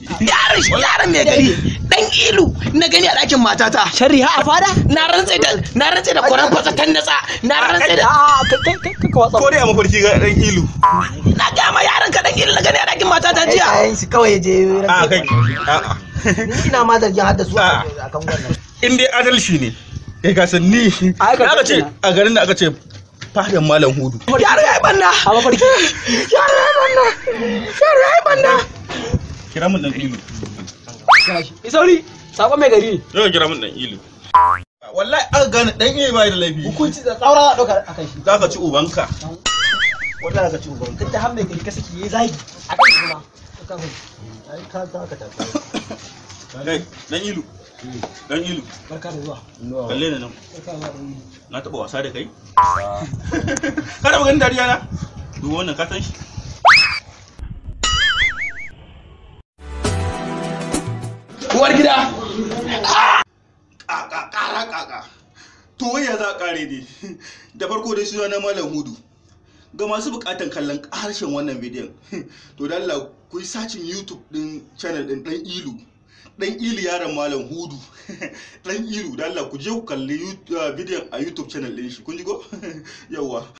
yaron shi yaron mai gari dan ilu na gani a ɗakin matata sharri ha a fada na da na rantse da koran natsa na da ko dai a mafarki ga dan ilu na ga ma yaron ka dan ilu na gani a ɗakin matata jiya ai shi kawai je a kai ina ma zargin hadda su wannan in dai adalci ne eh ga ni aka ce a garin da aka ce fadin malam hudu yaro ya yi banna a mafarki yaro ya yi banna yaro ya yi banna kira dan ilu isauri mai gari ne kira mun dan ilu wallahi aka gane dan ilu bai da laifi hukunci da tsaura shi zaka ci ubanka wallahi zaka ci ubanka hamme gari ka saki yayi a ka ka ka dan ilu dan ilu barka da zuwa kalle ne nan na taba wasa da kai kada dariya na duk wannan ka san shi uwar gida ƙa'ƙa kara kaka to ya za a kare ne da farko dai suna na malam hudu ga masu bukatan kallon harshen wannan bidiyon to da Allah ku yi sacin youtube din channel din dan ilu dan ilu yaron malam hudu dan ilu da Allah ku je ku kalli uh, bidiyon a youtube channel din shi kun ji ko yawwa